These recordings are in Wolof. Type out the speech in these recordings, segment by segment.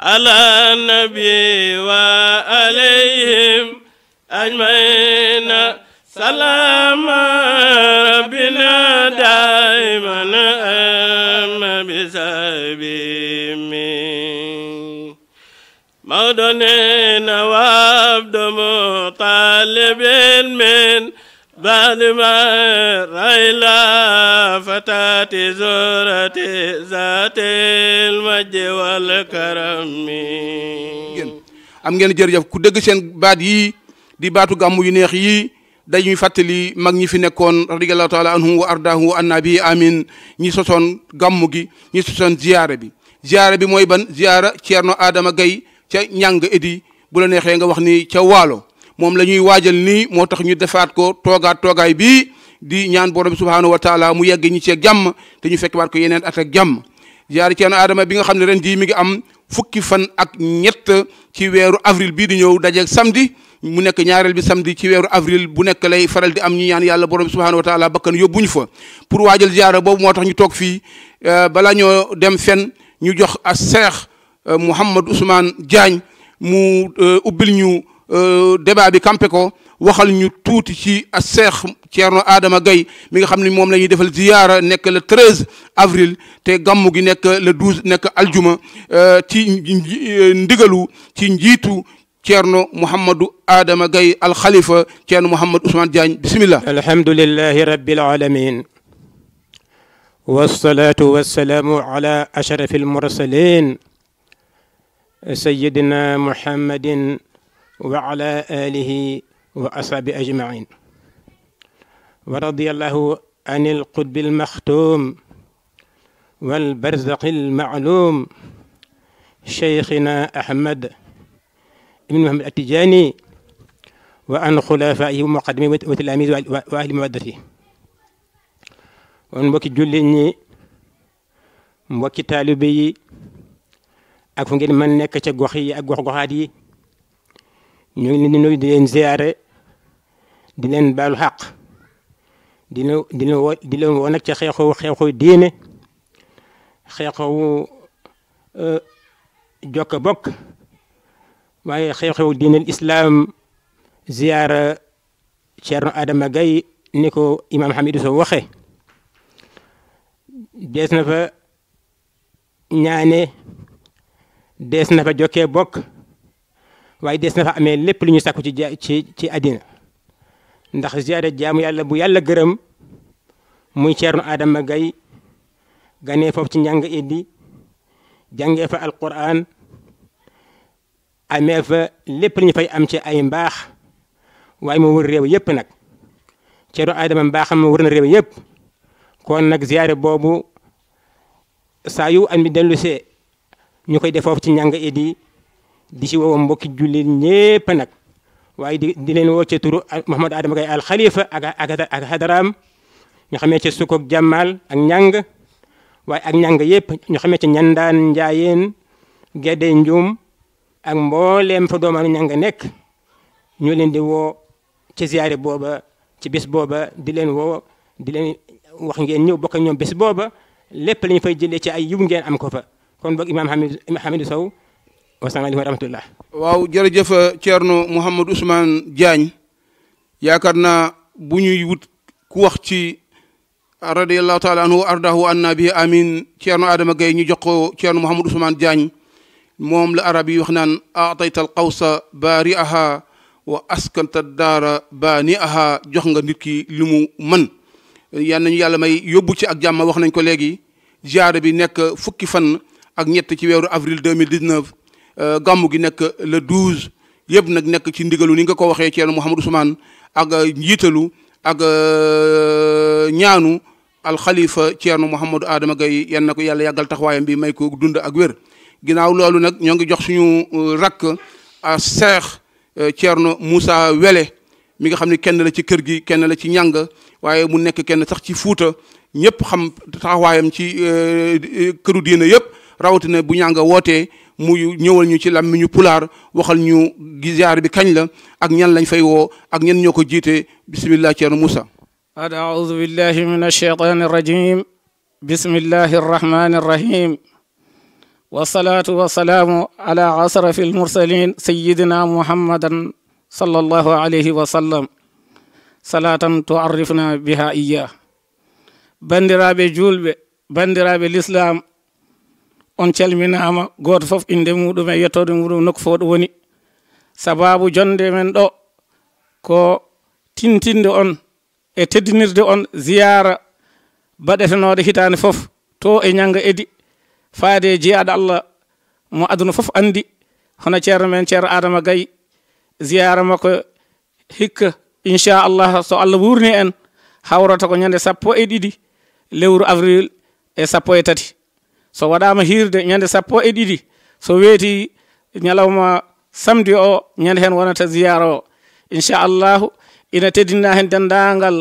على النبي وعليهم أجمعين سلام ربنا دائما أم بسبيم مدنين وعبد مطالب من بعد ما رأينا فتاة زورة ذات المجد والكرم am ngeen jërëjëf ku dëgg seen baat yi di baatu gàmmu yu neex yii dañuy fàttali mag ñi fi nekkoon radiyallahu taala anhum wa ardahu wa anna bi amin ñi sosoon gàmmu gi ñi sosoon ziyaara bi ziyaara bi mooy ban ziyaara Ceerno Adama Gay ca ñàng edi bu la neexee nga wax ni ca waalo moom la ñuy waajal nii moo tax ñu defaat ko toogaat toogaay bi di ñaan borom subhaanahu wa taala mu yegg ñu ceeg jàmm te ñu fekk waat ko yeneen at ak jàmm jaar ceerno aadama bi nga xam ne ren jii mi ngi am fukki fan ak ñett ci weeru avril bii di ñëw dajeeg samdi mu nekk ñaareel bi samedi ci weeru avril bu nekk lay faral di am ñu ñaan yàlla borom subhaanahu wa taala bakkan yóbbuñu fa pour waajal ziyaara boobu moo tax ñu toog fii euh, balaa ñoo dem fen ñu jox a seex euh, Mouhamadou Ousmane Diagne mu euh, ubbil ñu Euh, débat bi campé ko waxal ñu tuuti ci a seex Thierno Adama Gaye mi nga xam ne moom la ñuy defal ziyaara nekk le 13 avril te gàmmu gi nekk le 12 nekk aljuma euh, ci euh, ndigalu ci njiitu Thierno Mouhamadou Adama Gaye alxalifa Thierno Mouhamadou Ousmane Diagne bismillah alhamdulillahi rabbil alamin wasalaatu wasalaamu ala ashrafil mursalin sayyidina muhammadin wa ala alihi wa ashabi ajmain wa radiyallahu an alqutbi almaxtuum والبرزق المعلوم شيخنا أحمد بن محمد التجاني وعن خلفائه ومقدمه وتلاميذه وأهل مودته kon mbokki jullit ñi mbokki taalibe yi ak fu ngeen mën nekk ca gox yi ak gox goxaat yi ñoo ngi leen di nuyu di leen ziare di leen baalu xaq di leen di leen woo di leen woo diine xeexoo euh, jokk bokk waaye xeexoo diinel islaam ziara Ceerno Adama Gaye ni ko imaam Hamidou Sow waxe dees na fa ñaane dees na fa jokkee bokk waaye des na fa amee lépp lu ñu sàkku ci ci ci àddina ndax ziyaara jaamu yàlla bu yàlla gërëm muy nu Adama Gaye gane foofu ci njàng iddi jàngee fa alquran amee fa lépp lu ñu fay am ci ay mbaax waaye mu wër réew yëpp nag ceernu Adama mbaaxam wër na réew yëpp kon nag ziyaara boobu saa yu am mi dellu see ñu koy def foofu ci njàng iddi di si woo mbokki jullit ñépp nag waaye di di leen woo ca turu Mouhamadou Adama Gaye al Khalifa ak ak ak hadaraam ñu xamee ca Sukkoog Jàmmaal ak Njàng waaye ak Njàng yëpp ñu xamee ca Ñandaan Njaayeen Gede Njuum ak mbooleem fa doomaanu Njàng nekk ñu leen di woo ca ziyaare booba ci bés booba di leen wo di leen wax ngeen ñëw bokk ak ñoom bés booba lépp la ñu fay jëlee ci ay yiw ngeen am ko fa kon boog imaam Hamidou Hamidou Sow wasalaamaaleykum wa waaw jërëjëf uh, Thierno Mouhamadou Ousmane Diagne yaakaar naa bu ñuy wut ku wax ci radiallahu taala anhu ardahu anna bi amin Thierno Adama Gaye ñu jox ko Thierno Mouhamadou Ousmane Diagne moom la arab yi wax naan atayta al qawsa baariaha wa askanta daara baaniaha jox nga nit ki li mu mën yal nañu yàlla may yóbbu ci ak jàmm wax nañ ko léegi jaare bi nekk fukki fan ak ñett ci weeru avril 2019 Euh, gàmmu gi nekk le 12 yëpp nag nekk ci ndigalu ni nga ko waxee Thierno Mouhamadou Ousmane ak euh, njiitalu ak euh, ñaanu alxalifa Thierno Mouhamadou Adama gay yan na ko yàlla yàggal taxawaayam bi may ko dund ak wér ginnaaw loolu nag ñoo ngi jox suñu rakk a seex Thierno Moussa Wele mi nga xam ni kenn la ci kër gi kenn la ci ñàng waaye mu nekk kenn sax ci fuuta ñëpp xam taxawaayam ci këru diina yëpp rawatina bu ñàng wootee muy ñëwal ñu ci làmmiñu pulaar waxal ñu ziyaar bi kañ la ak ñan lañ fay woo ak ñan ñoo ko jiite bismillah ceerno Moussa a audu billahi min alsheytan arrajim bismillahi arrahmani arrahim wasalaatu wasalaamu ala asrafi almursalin sayidina muhammadan sallallahu alayhi wa sallam salatan tuarrifna biha iya bandiraɓe julɓe bandiraɓe l'islam on calminama goto foof inde muɗum e yettode muɗum nokku fof ɗo woni sababu jonde men ɗo ko tintinde on e teddinirde on ziyara baɗetenode hitande foof to e ñanga idi faade e allah mo aduna foof andi hono ceerno men ceerno adama gayi ziyara makko hikka inchallah so allah wurni en hawrata ko ñande sappo e ɗiɗi lewru avril e sappo e tati so waɗama hirde ñande sappo e ɗiɗi so weeti ñalawma samedi o ñande hen wonata ziyara o inchallahu ina teddina hen dendagal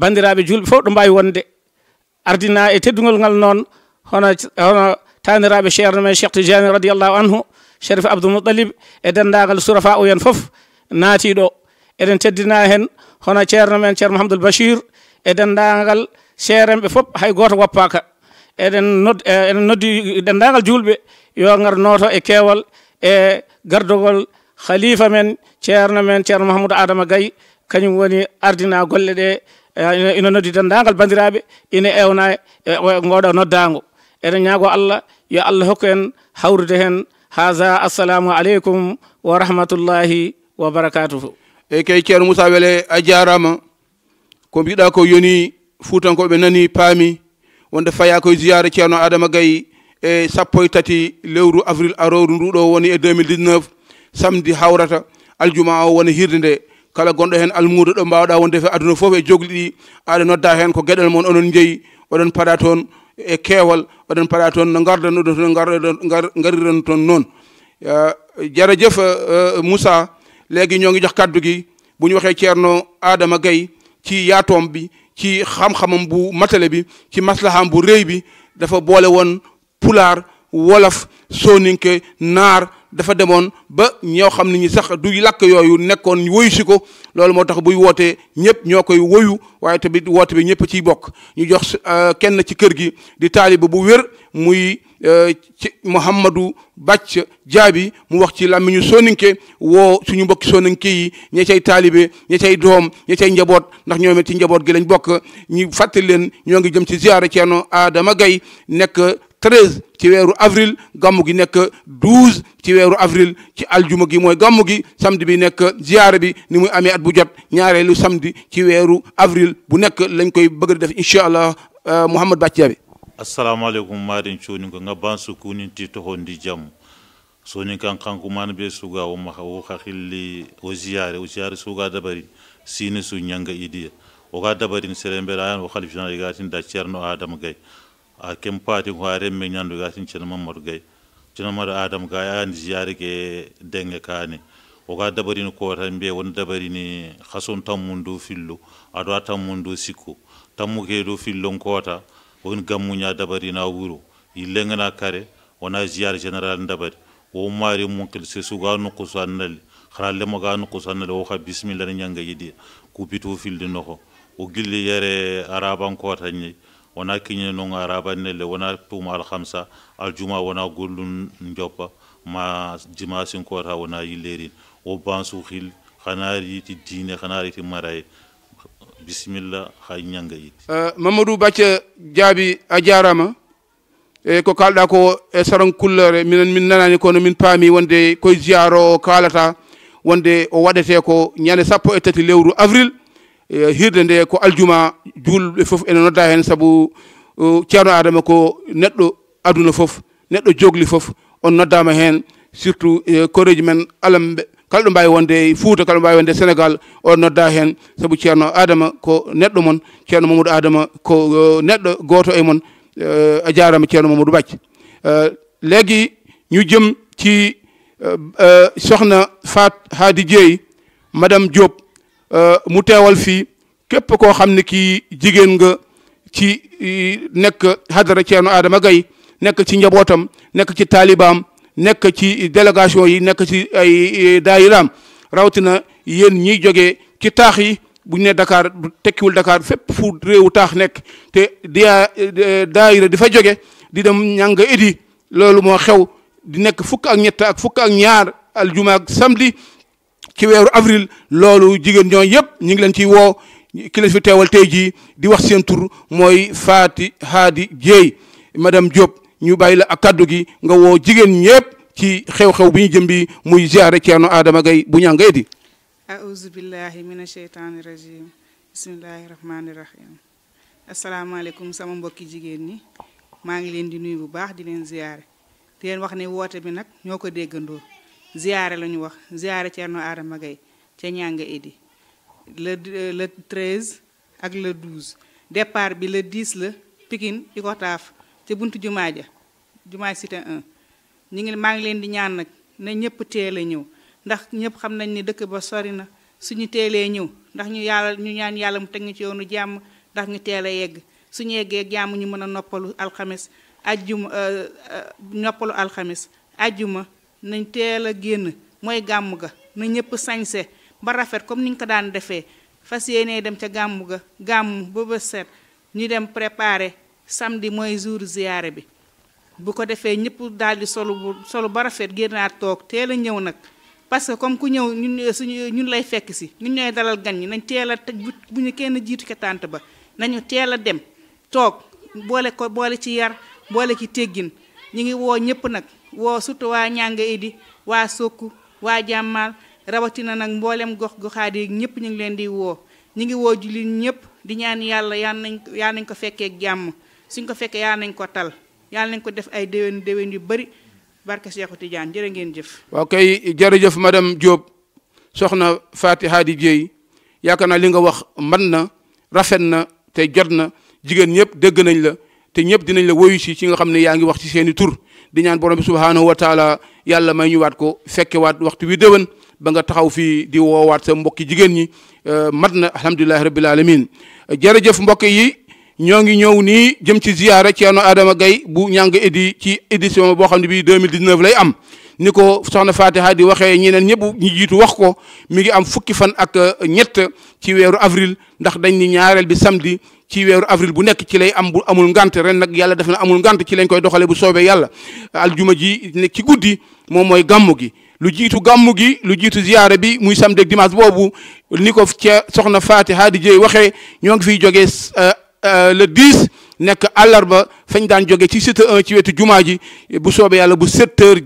bandiraɓe julɓe fof ɗo mbawi wonde ardina e teddugol ngal hono hono taniraɓe ceerno men cheikh tijani radiallahu anhu sherif abdoulmoutalib e dendagal surafa o hen foof naatiɗo eɗen teddina hen hono ceerno men ceerno mahamadou bachir e dendagal ceerenɓe fof hay goto woppaka E, eɗen noddi denndaangal julɓe yo ngar nooto e keewal e gardogol halifa men ceerno men ceerno mahamoudou adama gaye kañum woni ardina golle ɗe e, ina noddi denndaangal banndiraaɓe ina eewna e, e ngooɗo noddaango eɗen ñaago allah yo allah hokku en hawrude heen haga assalamu aleykum wa rahmatullahi wa barakatuhu eyyi kay ceerno moussa wele a jarama ko mbiɗa ko yoni nani paami wonde faya koye jiyare ceerno adama gaye e sappo e tati lewru avril arowru nduɗo woni e 2019 samedi hawrata aljuma o woni hirde nde kala gonɗo heen almuudo ɗo mbawɗa wonde fe aduna fof e jogli ɗi aɗa nodda heen ko gueɗel moon onon jeeyi oɗon paɗa toon e keewal oɗon paɗa toon no gardanuɗo toon gariran toon jarajef euh, moussa léegi ñoo ngi jox kaddu gi bu ñu waxee ceerno adama gaye ci yaatoom bi ci xam-xamam bu matale bi ci maslaham bu rëy bi dafa boole woon pulaar wolof sooninke naar dafa demoon ba ñoo xam ne ñi sax du làkk yooyu nekkoon woyu si ko loolu moo tax buy wootee ñëpp ñoo koy woyu waaye tamit woote bi ñëpp ciy bokk ñu jox euh, kenn ci kër gi di taaliba bu wér muy euh, ci Mouhamadou Bàcc Jaabi mu wax ci làmmiñu soninke woo suñu mbokki soninke yi ña cay taalibe ña cay doom ña cay njaboot ndax ñoom it ci njaboot gi lañ bokk ñu fàttali leen ñoo ngi jëm ci ziyaara Ceerno Adama gay nekk treize ci weeru avril gàmmu gi nekk douze ci weeru avril ci aljuma gi mooy gàmmu gi samedi bi nekk ziyaara bi ni muy amee at bu jot ñaareelu samdi ci weeru avril bu nekk lañ koy bëgg def incha allah euh, Mouhamed Bathia assalamualeykum maɗen coni ko ngabban sukuniti tohondi jaam soni kan kanko mana be suga o maha o hahilli o ziyare o ziyare suga dabarin sine su ñanga idiya oga dabarin sere mbeɗa yan o halifinaɗe gatin da ceerno adama gaye a kem pati hware me nyandu ga sin chenama morgai chenama da adam ga ya ni ziyare ke denge o ga dabari ni ko tambe won dabari ni khason tam mundu fillo ado tam mundu sikko tammu do fillon kota won gammu nya dabari na wuro illenga na kare wona ziyare general dabari wo mari mun kil se su ga nu kusannal kharalle mo ga nu kusannal wo kha bismillah nyanga yidi ku pitu fildi noko o gilli yere araban kota nyi wona kiñe nonga rabanelle wona tuma alhamsa aljuma wona gollum joppa ma jima wona yillerin wo bansuhil hana riti diine hana riti maraye bisimilla ha ñanga yitti euh, mamadou bacca jaabi a jarama e ko kalɗa ko e saron kullere minen min nanani kono min paami wonde koye jiyaro kalata wonde o waɗete ko ñande sappo e tati avril Eh, hirde nde ko aljuma julɓe fof ene nodda heen sabu eh, ceerno adama ko neɗɗo aduna fof neɗɗo jogli fof on noddama heen surtout eh, koreji men alamɓe kala ɗo mbawi wonde e kala ɗo mbawi wonde e on nodda heen saabu ceerno adama ko neɗɗo moon ceerno mamadou adama ko neɗɗo goto e moon a jarama ceerno mamadou bacce léegi ñu ci sokhna fat haadi dieyi madame diop Euh, mu teewal fii képp koo xam ne kii jigéen nga ci nekk hadara Ceerno Adama Gaye nekk ci njabootam nekk ci taalibaam nekk ci délégation yi nekk ci ay daayiraam rawatina yen ñiy jógee ci taax yi bu ne Dakar tekkiwul Dakar fépp fu réewu taax nekk te dia e, daayira di fa jóge di dem ñanga idi loolu moo xew di nekk fukk ak ñett ak fukk ñaar aljuma ak samedi ci weeru avril loolu jigéen ñooñu yëpp ñu ngi leen ciy woo ki leen fi teewal tey jii di wax seen tur mooy Faati Haadi Jeey madame Diop ñu bàyyi la ak kaddu gi nga woo jigéen ñëpp ci xew-xew bi ñu jëm bi muy ziare Ceerno Adama Gaye bu ñàngay di auzu billahi mina sheytaani rajim bismillahi rahmaani rahim asalaamaaleykum sama mbokki jigéen ñi maa ngi leen di nuyu bu baax di leen ziare di wax ne woote bi nag ñoo ko déggandoo ziyaare la ñu wax ziyaare Thierno Adama Gaye ca Ñanga Edy le euh, le treize ak le douze départ bi le 10 la Pikine Ikotaaf ca buntu jumaa ja jumaa cité 1 ñu ngi maa ngi leen di ñaan nag na ñëpp teel a ñëw ndax ñëpp xam nañ ni dëkk ba sori na suñu teelee ñëw ndax ñu yàlla ñu ñaan yàlla mu teg ñu ci yoonu jàmm ndax ñu teel a yegg suñu yeggee jàmm ñu mën a noppalu alxames ajjuma euh, euh, noppalu alxames ajjuma nañ teel a génn mooy gàmmu ga na ñëpp sañse ba rafet comme ni ñu ko daan defee fas yéenee dem ca gàmm ga gàmm ba ba set ñu dem préparer samedi mooy jour ziyaare bi bu ko defee ñëpp daal di solu solu ba rafet génnaat toog teel a ñëw nag parce que comme ku ñëw ñun suñu ñun lay fekk si ñu ñooy dalal gan ñi nañ teel a teg bu ñu kenn jiitu ca tànt ba nañu teel a dem toog boole ko boole ci yar boole ci téggin ñu ngi woo ñëpp nag woo surtout waa ñàng idi waa sokku waa jàmmal rawatina nag mboolem gox goxaat yi ñëpp ñu ngi leen di woo ñu ngi woo jullit ñëpp di ñaan yàlla yal nañ yal nañ ko fekkee jàmm suñ ko fekkee yal nañ ko tal yal nañ ko def ay déwén déwén yu bëri barke Seexu Tijaan jërë ngeen jëf. waaw kay ma dem Diop soxna Faty Hady Dieye yaakaar naa li nga wax man na rafet na te jot na jigéen ñëpp dëgg nañ la te ñëpp dinañ la woyu si ci nga xam ne yaa ngi wax ci seen i tur di ñaan borom bi subhaanahu wa taala yàlla may ñu waat ko fekke waat waxtu wi déwén ba nga taxaw fii di woowaat sa mbokki jigéen ñi eh, mat na alhamdulilahi rabbil alamin jëf mbokk yi ñoo ngi ñëw nii jëm ci ziyaara Ceerno Adama Gaye bu ñàng idi ci édition boo xam ne bii 2019 lay am ni ko soxna Fatiha di waxee ñeneen ñëpp ñu jiitu wax ko mi ngi am fukki fan ak euh, ñett ci weeru avril ndax dañ ni ñaareel bi samedi ci weeru avril bu nekk ci lay am bu amul ngant ren nag yàlla def na amul ngant ci lañ koy doxalee bu soobee yàlla aljuma ji nekk ci guddi moom mooy gàmmu gi lu jiitu gàmmu gi lu jiitu ziyaara bi muy samedi ak dimanche boobu ni ko soxna Fatiha di jëy waxee ñoo ngi fi jógee euh, Euh, le 10 nekk àllarba fañ daan joge ci cité 1 ci wetu jumaa ji bu soobee yàlla bu 7 heures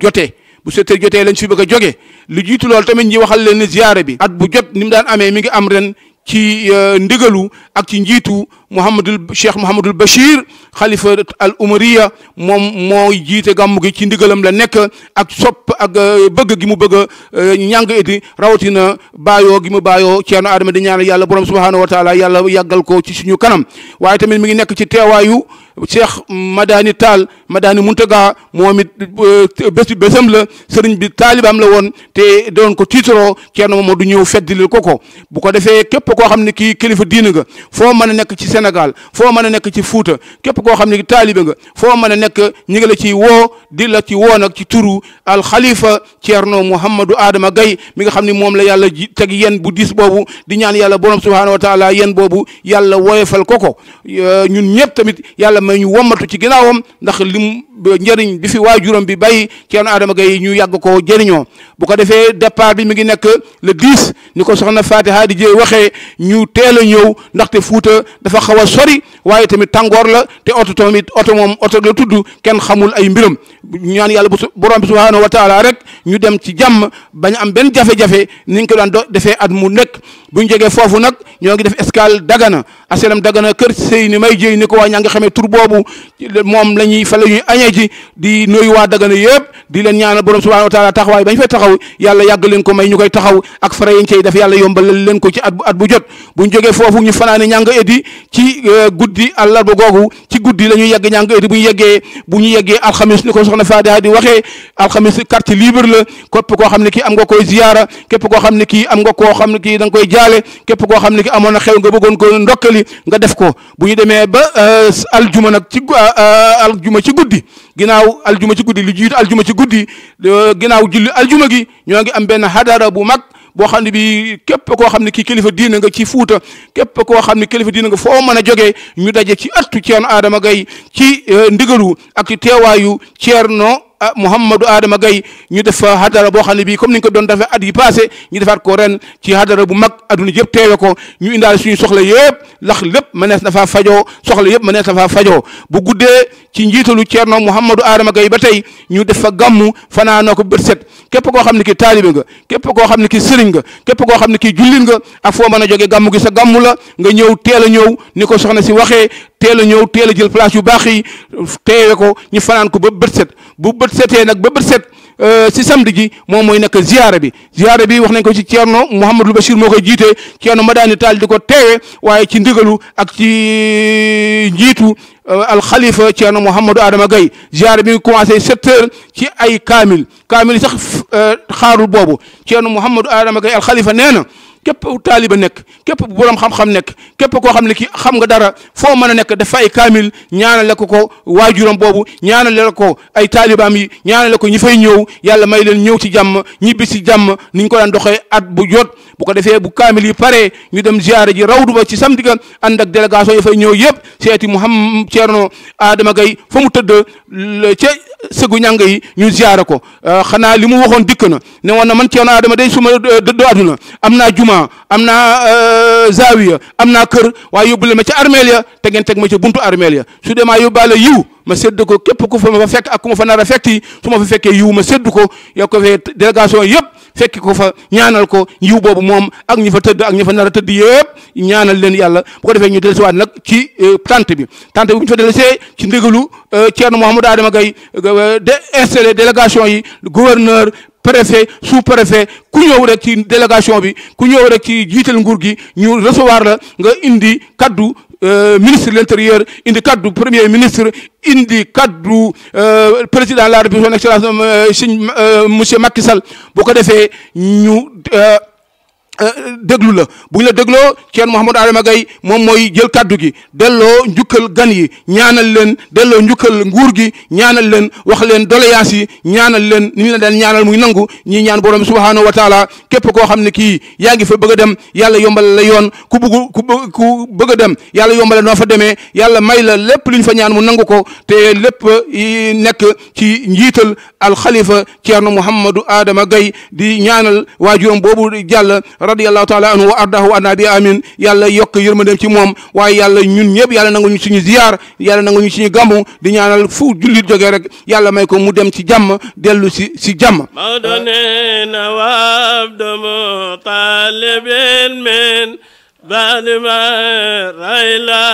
bu 7 heures jotee lañ fi bëgg a jóge lu jiitu loolu tamit ñi waxal leen ni ziyaare bi at bu jot ni mu daan amee mi ngi am ren ci euh, ndigalu ak ci njiitu Mouhamadul Cheikh Mouhamadul Bachir xalifa al umariya moom mooy jiite gàmmu gi ci ndigalam la nekk ak sopp ak euh, bëgg gi mu bëgg a euh, ñàng iti rawatina baayoo gi mu baayoo Ceerno Adama di ñaanal yàlla borom subhanahu wa taala yàlla yàggal ko ci suñu kanam waaye tamit mi nekk ci teewaayu. cheikh madaani taal madaani muntaga moom it euh, bés bésam la sëriñ bi taalibaam la woon te doon ko tiitaroo ceerno du ñëw feddilil ko ko bu ko defee képp koo xam ne kii kilifa diina nga foo mën a nekk ci senegal foo mën a nekk ci Fuuta képp koo xam ne taalibe nga foo mën a nekk ñi ngi la ci woo di la ci woo nag ci turu alxalifa ceerno Mouhamadou Adama Gaye mi nga xam ne moom la yàlla teg yen bu diis boobu di ñaan yàlla borom subhaanahu wa taala yen boobu yàlla may ñu womatu ci ginnaawam ndax lim njëriñ bi fi waajuram bi bay Ceerno Adama Gaye ñu yàgg ko jëriñoo bu ko defee départ bi mi ngi nekk le 10 ni ko soxna Faati di Jeey waxee ñu teel a ñëw ndaxte Fuuta dafa xaw a sori waaye tamit tàngoor la te oto tamit oto moom oto la tudd kenn xamul ay mbiram ñaan yàlla bu borom bi subhaanahu wa taala rek ñu dem ci jàmm bañ am benn jafe-jafe ni ñu ko daan defee at mu nekk bu ñu jógee foofu nag ñoo gi def escale Dagana asalam Dagana kër sëy ni may jëy ni ko waa ñaa nga xamee tur boobu moom la ñuy fa la ñuy añee ji di nuyu waa Dagana yëpp di leen ñaanal borom subhanahu wa taala taxawaay bañ fay taxaw yàlla yàgg leen ko may ñu koy taxaw ak fara yañ cey def yàlla yombalal leen ko ci at bu at bu jot bu ñu jógee foofu ñu fanaane ñànga eddi ci euh, guddi àllarba googu ci guddi la ñuy yegg ñànga eddi bu ñu yeggee bu ñu yeggee alxamis ni ko soxna Fadiha di waxee alxamis quartier libre la képp koo xam ne kii am nga koy ziyaara képp koo xam ne kii am nga koo xam ne kii da nga koy gaale képp koo xam ne ki amoon na xew nga bëggoon ko ndokkali nga def ko bu ñu demee ba euh, aljuma nag ci euh, euh, aljuma ci guddi ginnaaw aljuma ci guddi li jiitu aljuma ci guddi ginnaaw julli aljuma gi ñoo ngi am benn hadara bu mag boo xam ne bi képp koo xam ne kii kilifa diina nga ci fuuta képp koo xam ne kilifa diina nga foo mën a jógee ñu daje ci attu Ceerno Adama Gaye ci ndigalu ak ci teewaayu Ceerno Ah, Mouhamadou Adama Gaye ñu def fa hadara boo xam ne bii comme ni ñu ko doon defee at yi passé ñu defaat ko ren ci hadara bu mag adduna yëpp teewe ko ñu indaal suñu soxla yëpp lax lépp mënees na faa fajo soxla yëpp mënees na faa fajo bu guddee ci njiitalu Ceerno Mouhamadou Adama Gaye ba tey ñu def fa gàmmu fanaanoo ko bët set képp koo xam ne ki taalibe nga képp koo xam ne ki sëriñ nga képp koo xam ne ki jullit nga ak foo mën a jógee gàmmu gi sa gàmmu la nga ñëw teel a ñëw ni ko soxna si waxee teel a ñëw teel a jël place yu baax yi teewe ko ñu fanaan ko ba bët bët setee nag ba bët set euh, si samedi gi moom mooy nekk ziyaara bi ziyaara bi wax nañ ko ci Thierno Mouhamadou Bachir moo koy jiite Thierno Madani Tall di ko teewe waaye ci ndigalu ak ci jiitu euh, alkhalifa Thierno Mouhamadou Adama Gaye ziyaara bi commencé sept heures ci ay kaamil kaamil yi sax euh, xaarul boobu Thierno Mouhamadou Adama Gaye alxalifa nee na képp taaliba nekk képp borom xam-xam nekk képp koo xam ne kii xam nga dara foo mën a nekk dafa ay kaamil ñaanale ko ko waajuram boobu ñaanale ko ay taalibaam yi ñaanale ko ñi fay ñëw yàlla may leen ñëw ci jàmm ñibbi jàmm ni ñu ko daan doxee at bu jot bu ko defee bu kaamil yi paree ñu dem ziyaare ji rawdu ba ci samedi ga ànd ak délégation yi fay ñëw yëpp seeti Mouhamed Thierno Adama Gaye fa mu tëdd sëggu ñàng yi ñu ziyaara ko euh, xanaa li mu waxoon dikk na ne woon na man Ceerno Adama day suma euh, dëddoo àdduna am naa juma am naa euh, zaawiya am naa kër waaye yóbbu leen ma armeel ya te ngeen teg ma ca buntu armel ya su dee maa yóbbaale yiw ma sédd ko képp ku fa ma fa fekk ak ku ma fa nar a fekk ma fa fekkee yiw ma sedd ko yow ko fee délégation yëpp fekki ko fa ñaanal ko yiw boobu moom ak ñi fa tëdd ak ñi fa nar a tëdd yëpp ñaanal leen yàlla bu ko defee ñu dellusiwaat nag ci euh, tante bi tante bi bu ñu fa dellusee ci ndigalu euh, Thierno Mouhamadou Adama Gaye euh, de installé délégation yi gouverneur préfet sous préfet ku ñëw rek ci délégation bi ku ñëw rek ci jiital nguur gi ñu recevoir la nga indi kaddu Euh, ministre de l'intérieur indi kaddu premier ministre indi kaddu euh, président de la république son excellence euh, sëñ monsieur Macky Sall boo ko defee ñu Euh, déglu la bu ñu la dégloo Thierno Mouhamadou Adama Gaye moom mooy jël kaddu gi delloo njukkal gan yi ñaanal leen delloo njukkal nguur gi ñaanal leen wax leen doléance yi ñaanal leen ni ñu la daan ñaanal muy nangu ñii ñaan borom subhaanahu wa taala képp koo xam ne kii yaa ngi fa bëgg a dem yàlla yombale la yoon ku bugg ku ku bëgg a dem yàlla yombale noo fa demee yàlla may la lépp lu ñu fa ñaan mu nangu ko te lépp nekk ci njiital alxalifa Thierno Mouhamadou Adama Gaye di ñaanal waajuram boobu jàll radiallahu taala anhu wa ardahu anna bi amin yàlla yokk yërmandeem ci moom waaye yàlla ñun ñëpp yàlla nangu ñu suñu ziyaar yàlla nangu ñu suñu gàmmu di ñaanal fu jullit jógee rek yàlla may ko mu dem ci jàmm dellu si si jàmm Maodo nee na wa abdu mutalibin min baadi ma rayla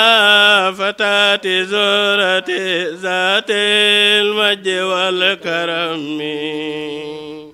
fatati zorati zatil majdi wal karami